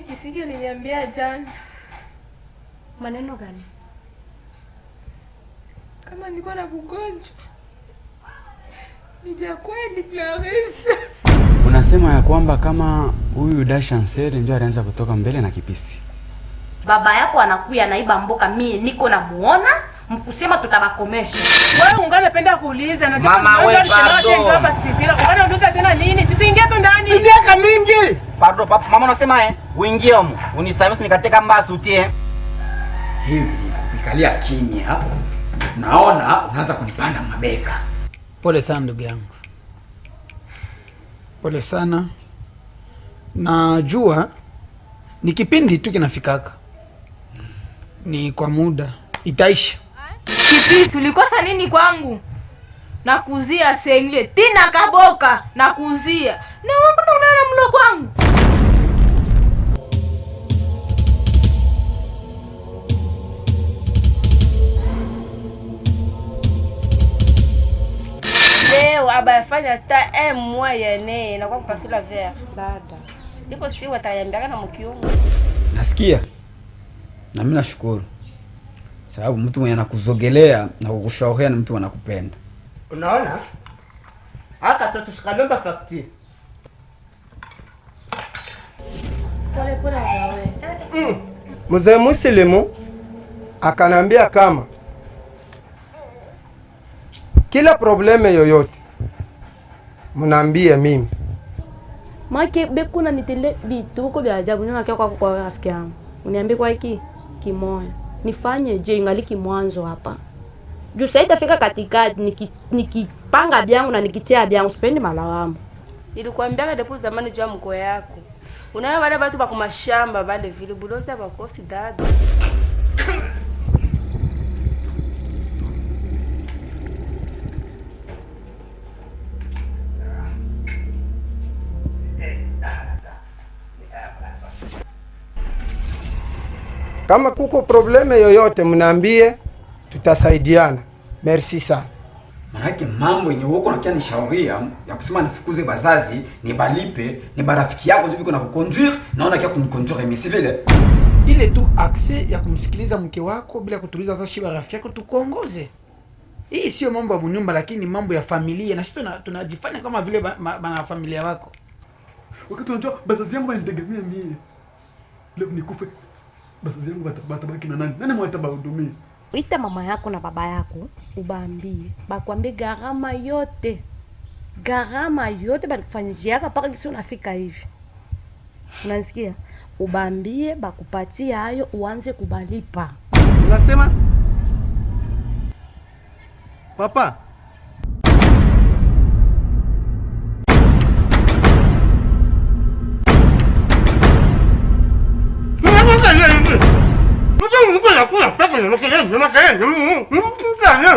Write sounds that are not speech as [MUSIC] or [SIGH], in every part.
lakini kisinge uliniambia jana. Maneno gani? Kama nilikuwa na kugonjwa nija kweli Clarisse. Unasema ya kwamba kama huyu Dashansel ndio alianza kutoka mbele na kipisi. Baba yako anakuya naiba mboka, mie niko muona mkusema tutabakomesha. Wewe ungalipenda kuuliza na mama wewe bado. Ungalipenda tena nini? Sitingia tu ndani. Singia mingi. Pardon, papa, mama unasema eh? Uingie huko. Unisamehe nikateka mbasi utie. Hivi ukikalia kimya. Naona unaanza kunipanda mabeka. Pole sana ndugu yangu. Pole sana. Najua ni kipindi tu kinafikaka. Ni kwa muda itaisha. Kipisi ulikosa nini kwangu? Nakuzia sengle tina kaboka, nakuzia. Na mbona unaona mlo kwangu? leo abayafanya ta un mois na kwa kupasula dada, ndipo si watayambiaka na mkiungu. Nasikia na mimi nashukuru, sababu mtu mwenye anakuzogelea na kukushauria ni mtu anakupenda. Unaona hata toto shikalomba fakti mm. mzee Muslimu akanambia kama kila probleme yoyote mnaambie mimi. Make beku na nitende vituko vya ajabu nina kwa kwa rafiki yangu. Uniambie kwa hiki kimoya. Nifanye je ingaliki mwanzo hapa. Juu sasa itafika katikati nikipanga niki byangu na nikitia byangu sipendi malawamu. Nilikwambia depo zamani jua mkoa yako. unaona wale watu wa kumashamba bale vile wa kosi dada. Kama kuko probleme yoyote, mnaambie tutasaidiana. Merci sana. Manake mambo yenye uko nakia nishauria ya kusema nifukuze bazazi balipe ni barafiki yako biko na kukonduire naona kia kunikonduire mais c'est ile tu akse ya kumsikiliza mke wako bila kutuliza hata shiba rafiki yako tukuongoze. Hii sio mambo ya mnyumba, lakini mambo ya familia, na sisi tunajifanya kama vile bana familia wako, wakati unajua bazazi yangu wanitegemea mimi, leo nikufe basi zangu batabaki na nani? Nani mwatabahudumia? Ita mama yako na baba yako ubaambie, bakwambie gharama yote, gharama yote balikufanyiziaka mpaka kisi unafika hivi. Unanisikia? Ubaambie bakupatie hayo, uanze kubalipa. Unasema papa อย่ามาเก่งอย่ามาเก่งอย่ามาอย่ามา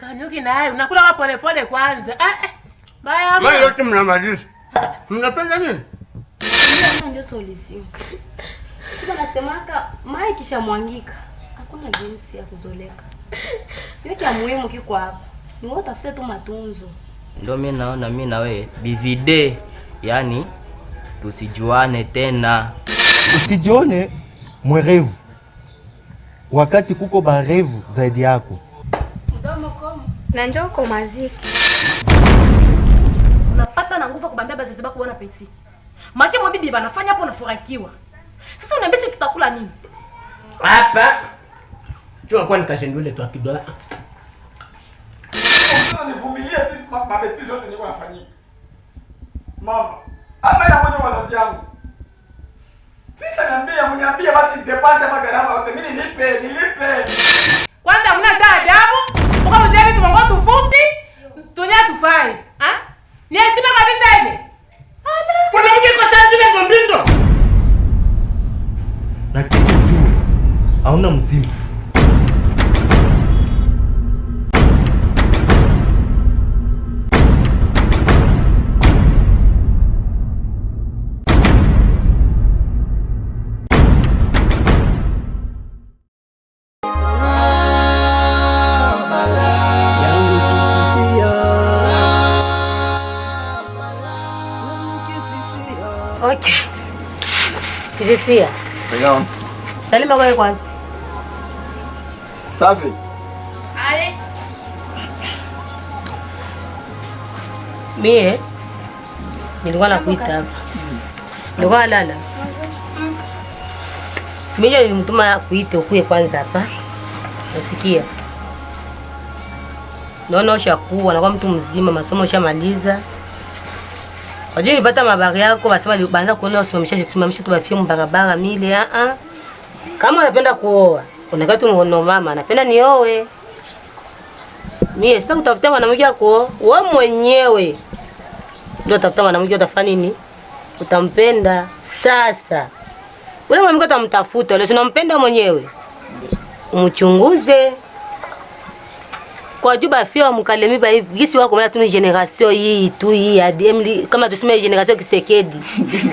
Kanyuki na yeye unakula kwa pole pole kwanza. Ah eh. Baya. Mimi yote mnamaliza. Mnapenda nini? Ndio solution. Kama nasemaka mai kisha mwangika. Hakuna jinsi ya kuzoleka. Yote ya muhimu kiko hapa. Ni wewe utafute tu matunzo. Ndio mimi naona mimi na wewe bivide. Yaani tusijuane tena. Usijione mwerevu wakati kuko barevu zaidi yako. Na njoo kwa maziki. Unapata na nguvu kubambia bazazi bako bwana peti. Maki mwa bibi banafanya hapo unafurahikiwa. Sasa unaambia sisi tutakula nini? Hapa. Chua kwa nikashindule tu akidola. Nivumilie tu mabetizo niko nafanyika. Mama, hapa ya moja wazazi yangu. Tisha niambia, mniambia basi nitepase ama gharama yote. Mimi nilipe, nilipe. Kwanza hamna hata adabu. Ukamjaribu tumwambia tu Salima wewe kwanza. Safi. Ale. Mie nilikuwa nakuita hapa. Nilikuwa lala. Mimi nilimtuma kuite ukuye kwanza hapa. Nasikia. Naona ushakuwa kwa mtu mzima, masomo ushamaliza. Wajua nipata mabari yako, basema baanza kuona usimamisha simamisha tu bafie mbarabara mile a a. Kama unapenda kuoa, kuna wakati mwono mama anapenda niowe. Sita kutafuta mwanamke wa wewe mwenyewe ndio utafuta mwanamke utafanya nini? Utampenda. Sasa ule mwanamke utamtafuta, ule unampenda mwenyewe, umchunguze kwa juu bafia wamukalemiba hivi gisi wakomala tuni generation hii tu hii ademli kama tuseme generation Kisekedi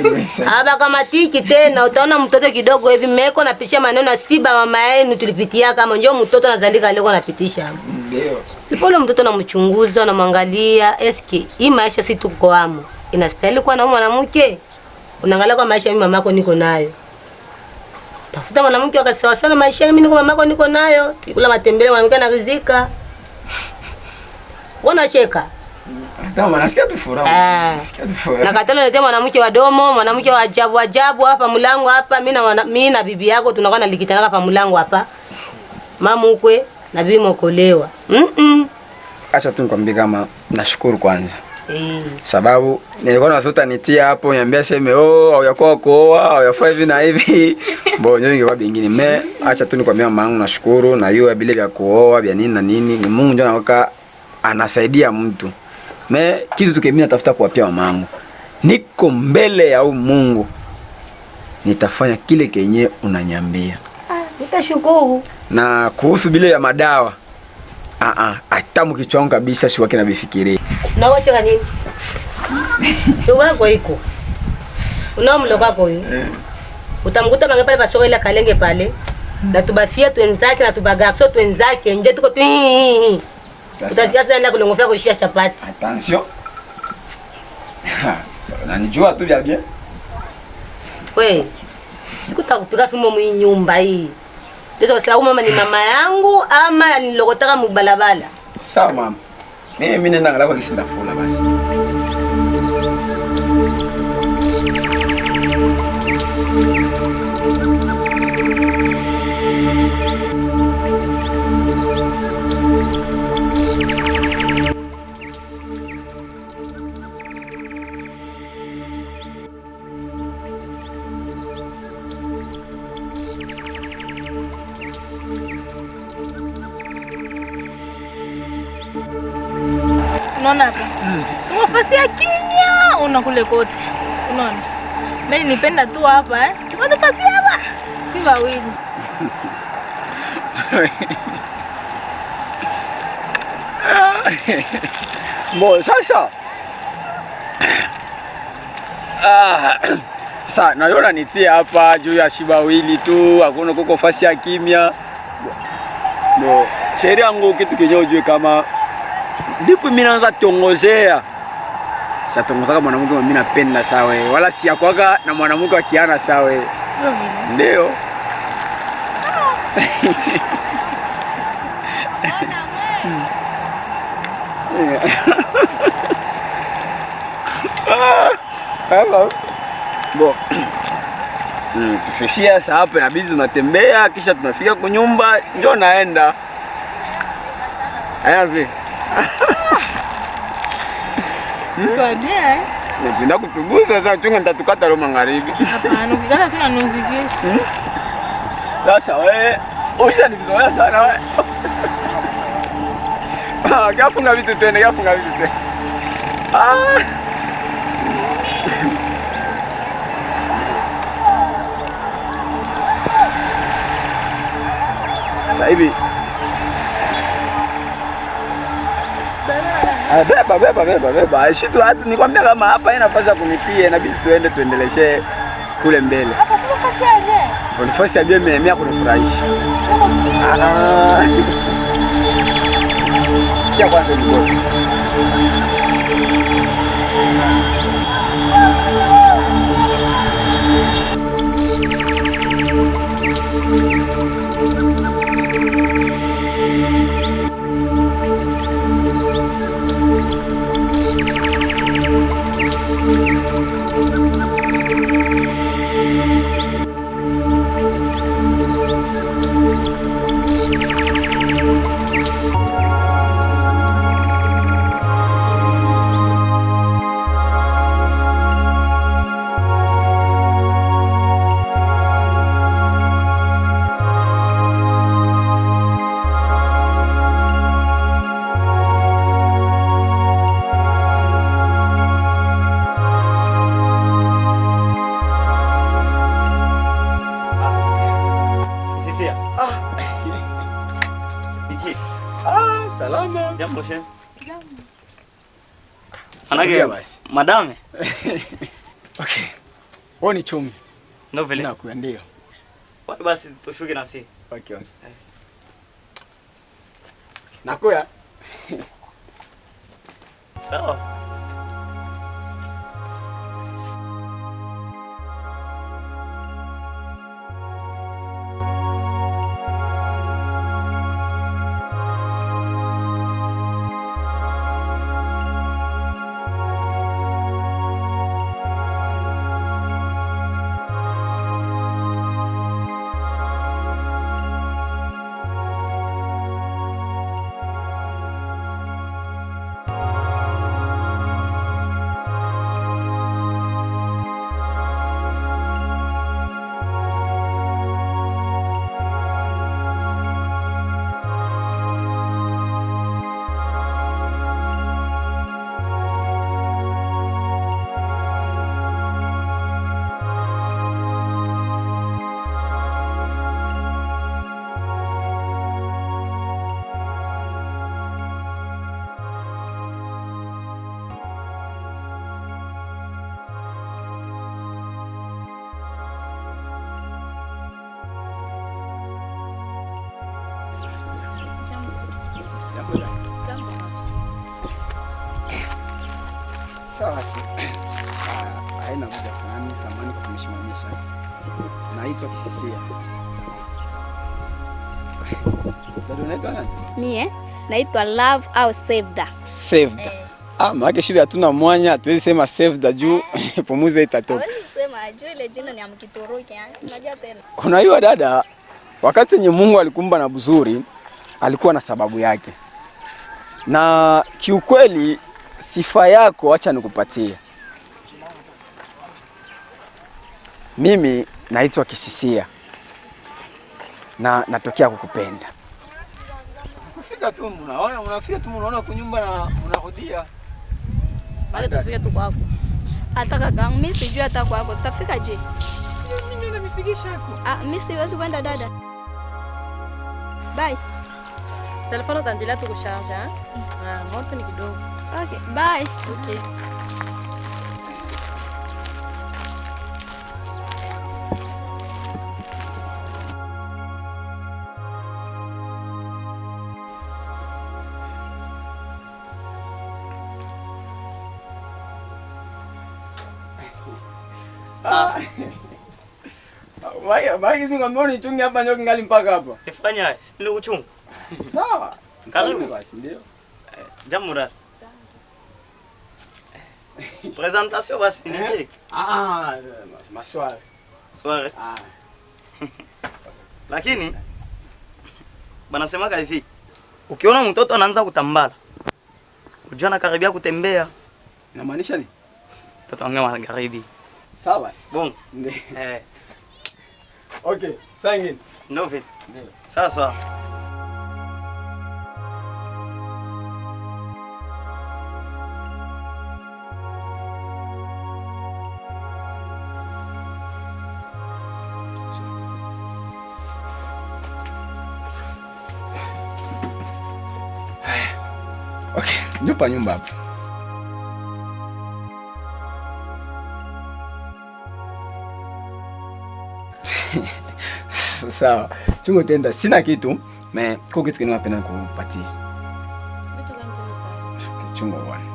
[LAUGHS] aba kama tiki tena, utaona mtoto kidogo hivi meko napisha maneno siba mama yenu tulipitia kama njoo mtoto nazalika leo napitisha ndio ipole mtoto namchunguza namwangalia, eski hii maisha si tuko amo inastahili kuwa na mwanamke. Unaangalia kwa maisha mimi mamako niko nayo tafuta mwanamke wakasawasawa maisha mimi niko mamako niko nayo, tukikula matembele mwanamke anarizika. Eh. Na katana nakataletea mwanamke wa domo, mwanamke wa ajabu ajabu hapa mlango hapa. Mimi na mimi na bibi yako tunakuwa nalikitana hapa mlango hapa, Mama ukwe na bibi mokolewa. mm -mm. Acha tu nikwambie kama nashukuru kwanza Hey. Eh. Sababu nilikuwa na sota nitia hapo niambia sema oh au yakuwa kuoa au yafaa hivi na hivi. [LAUGHS] Bwana Bonyo ingekuwa bingine me acha tu nikwambie mama yangu nashukuru na yeye bila vya kuoa vya nini na nini ni Mungu ndio anaweka anasaidia mtu. Me kitu tuke mimi natafuta kuwapia mamangu, niko mbele ya u Mungu, nitafanya kile kenye unanyambia. Ah, nitashukuru. Na kuhusu bile ya madawa ah ah, atamu kichwangu kabisa, shuwa kina bifikiri na wacha kanini uwako [LAUGHS] iko unaomlokako huyu eh. utamkuta mange pale pasoko ile kalenge pale, na tubafia natubafia twenzake natubagakso tuenzake nje tuko tu Utasikia enda kulongofia kushia chapati. Attention. [LAUGHS] Sasa nanijua tu bia bia. Wewe. Sikutakupika fimo mwi nyumba hii. Ndio kwa sababu mama ni mama yangu ama nilokotaka mubalabala. Sawa mama. Mimi nenda ngala kwa basi. Unaona hapa? Mm. Unafasia kimya, una kule kote. Unaona? Mimi nipenda tu hapa eh. Tukapasia hapa. Si wawili. [LAUGHS] Mbona sasa? Ah, sasa naiona nitie hapa juu ya shibawili tu, hakuna kuko fasi ya kimya. Ndo sheria yangu kitu kinyo ujue kama ndipo mimi naanza tongozea satongozaka mwanamke mimi napenda sawe, wala si akwaga na mwanamke akiana sawe, ndio bo mm, tufishia saa hapo, inabidi tunatembea, kisha tunafika kunyumba, ndio naenda vi Eh? Napenda kutugusa sasa, chunga nitatukata leo magharibi. Hmm? Sasa wewe ushanizoea sana wewe. Ah, kafunga vitu tena, kafunga vitu tena. Ah. Sasa hivi Ah, beba beba beba beba. Shitu hata nikwambia kama hapa haina nafasi ya kunipia inabidi tuende tuendeleshe kule mbele. Hapa sio nafasi ya nafasi ya mimi hakunifurahisha. Ah. [LAUGHS] Kia kwanza ni Jambo shehe. Manake madame. [LAUGHS] Okay. Wewe ni chumi. No vile. Nakuya ndio. Wewe basi tushuke na si. Okay, okay. Eh. Na kuya. Sawa. So. Sawa si ah, haina muda fulani, samani kwa kumshimamisha. Naitwa Kisisia. Dada, unaitwa nani? Mie naitwa Love au Sevda. Sevda. Eh. Ah, maana shule hatuna mwanya, hatuwezi sema Sevda juu eh. [LAUGHS] pumuza itatoka. Hawezi sema juu ile jina ni amkituruki, eh. unajua tena. Unajua dada, wakati yenye Mungu alikumba na buzuri, alikuwa na sababu yake. Na kiukweli sifa yako acha nikupatie. Mimi naitwa Kishisia na natokea kukupenda. Kufika tu mnaona, mnafika tu mnaona kunyumba na mnarudia. Bado tufike tu kwako. Hata kaka, mimi sijui hata kwako. Tutafika je? mimi ndio nimefikisha huko. Ah, mimi siwezi kwenda dada. Bye. Telefono tandila tu kucharge, ah? ah, moto ni kidogo. Ok, bye. Ok. Baki ah. hizi ng'ombe hapa ndio kingali mpaka hapa. Ifanya, si ndio kuchunga. Sawa. Karibu basi ndio. Jamura présentation basi ni cheki. Ah, maswali. Swali. Ah. Euh, ah. [LAUGHS] Lakini bana banasemaga hivi. Ukiona mtoto anaanza kutambala, ujua karibia kutembea. Inamaanisha nini? Mtoto anaanza magharibi. Sawa. Bon. Eh. Okay, sasa ingine. Ndio. Sawa sawa. pa nyumba hapa. [LAUGHS] Sawa, chungu tenda, sina kitu me, ko kitu kinapenda kukupatia chungu bwana.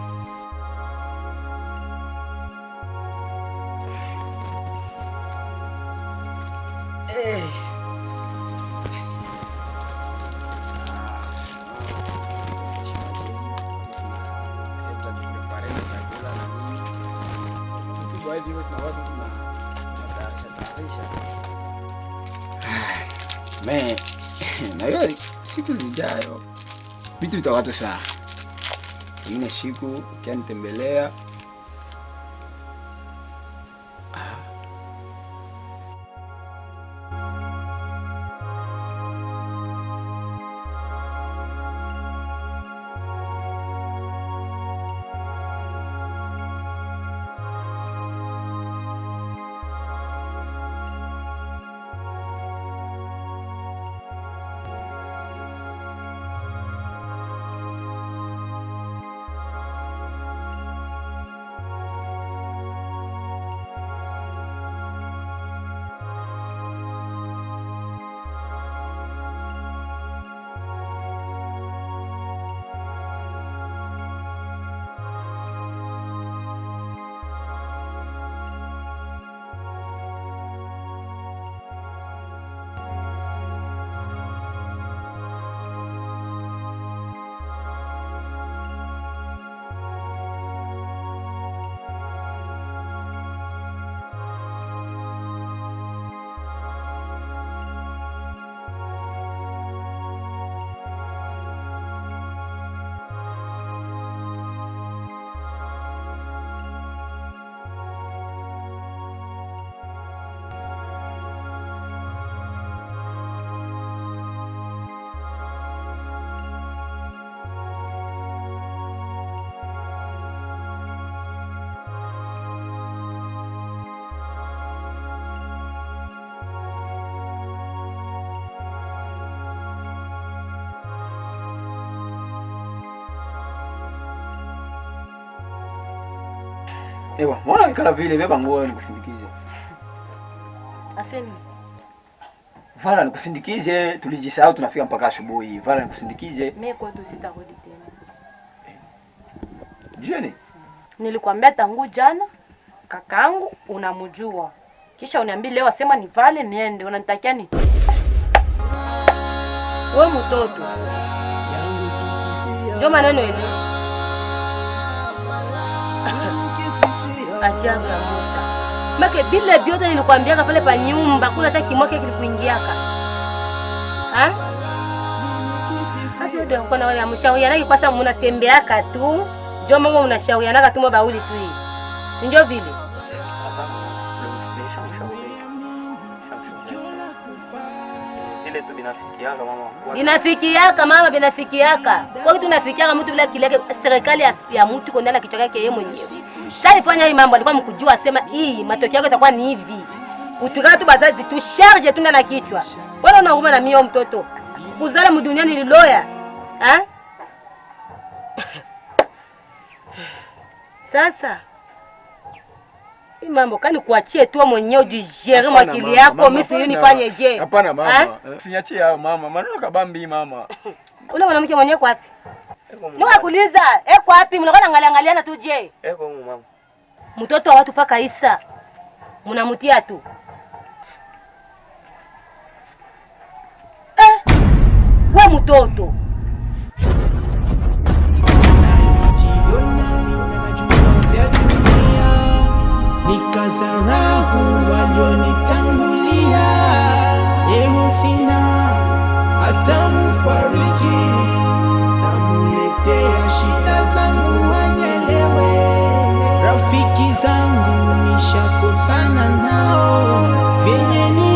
vitu vitawatosha. Ingine siku ukianitembelea Ewa, mbona ikala vile beba nguo nikusindikize. Aseni. Vala nikusindikize, tulijisahau tunafika mpaka asubuhi. Vala nikusindikize. Mimi kwetu sitarudi tena. Jioni. Nilikwambia tangu jana kakaangu unamjua. Kisha uniambia leo asema ni vale niende, unanitakia nini? Wewe mtoto. Ndio maneno yenu. achanga muda make bila vyote nilikwambiaka pale pa nyumba, kuna hata kimwake kilikuingiaka na wale mshaurianaki kwasa, munatembeaka tu jomamo, unashaurianaka tu mabauli tu, sinjo vile binasikiaka mama, binasikiaka kwa kitu nafikiaka mtu bila kileke, serikali ya mtu kondana kichwa yake yeye mwenyewe tushaifanya hii mambo, alikuwa mkujua asema hii matokeo yake itakuwa ni hivi. Kutukaa tu bazazi tu charge tunda na kichwa. Wala una na mio mtoto. Kuzala mdunia ni loya. Ha? Eh? [LAUGHS] Sasa hii mambo kani kuachie tu mwenyewe ujijere mwakili yako, mimi si nifanye je? Hapana eh? mama. Eh, Siniachie hayo mama. Maneno kabambi mama. Una [LAUGHS] mwanamke mwenyewe kwa wapi? Nikakuuliza eko eh, wapi? Mnakuwa angalia angaliana tu je? Eko eh, mama. Mtoto wa watu paka Isa. Mnamutia tu. Eh. We mtoto. Nikazarau walionitangulia, leo sina hata mfari zangu nishakosana nao vyenye